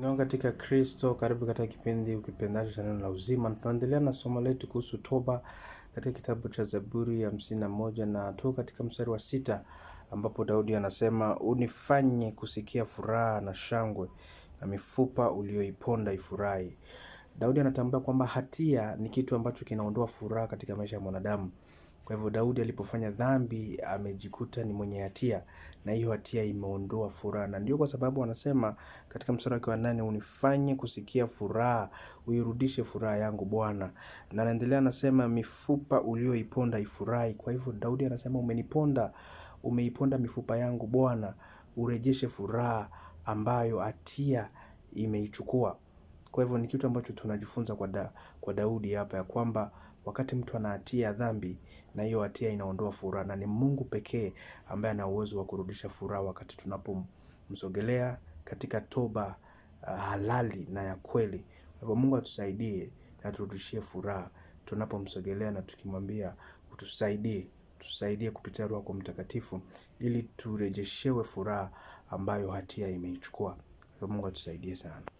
Nao katika Kristo, karibu katika kipindi ukipendacho cha neno la uzima. Tunaendelea na somo letu kuhusu toba katika kitabu cha Zaburi ya hamsini na moja na tu katika mstari wa sita ambapo Daudi anasema unifanye kusikia furaha na shangwe na mifupa ulioiponda ifurahi. Daudi anatambua kwamba hatia ni kitu ambacho kinaondoa furaha katika maisha ya mwanadamu. Kwa hivyo Daudi alipofanya dhambi amejikuta ni mwenye hatia na hiyo hatia imeondoa furaha, na ndio kwa sababu wanasema katika mstari wake wa nane, unifanye kusikia furaha, uirudishe furaha yangu Bwana. Na anaendelea anasema, mifupa ulioiponda ifurahi. Kwa hivyo Daudi anasema umeniponda, umeiponda mifupa yangu Bwana, urejeshe furaha ambayo hatia imeichukua. Kwa hivyo ni kitu ambacho tunajifunza kwa, da, kwa Daudi hapa ya kwamba Wakati mtu anaatia dhambi na hiyo hatia inaondoa furaha na ni Mungu pekee ambaye ana uwezo wa kurudisha furaha wakati tunapomsogelea katika toba uh, halali na ya kweli. Kwa Mungu atusaidie na turudishie furaha tunapomsogelea na tukimwambia utusaidie, tusaidie kupitia Roho kwa Mtakatifu ili turejeshewe furaha ambayo hatia imeichukua. Kwa Mungu atusaidie sana.